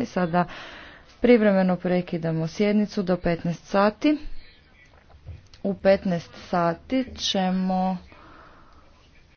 I sada privremeno prekidamo sjednicu do 15 sati. U 15 sati ćemo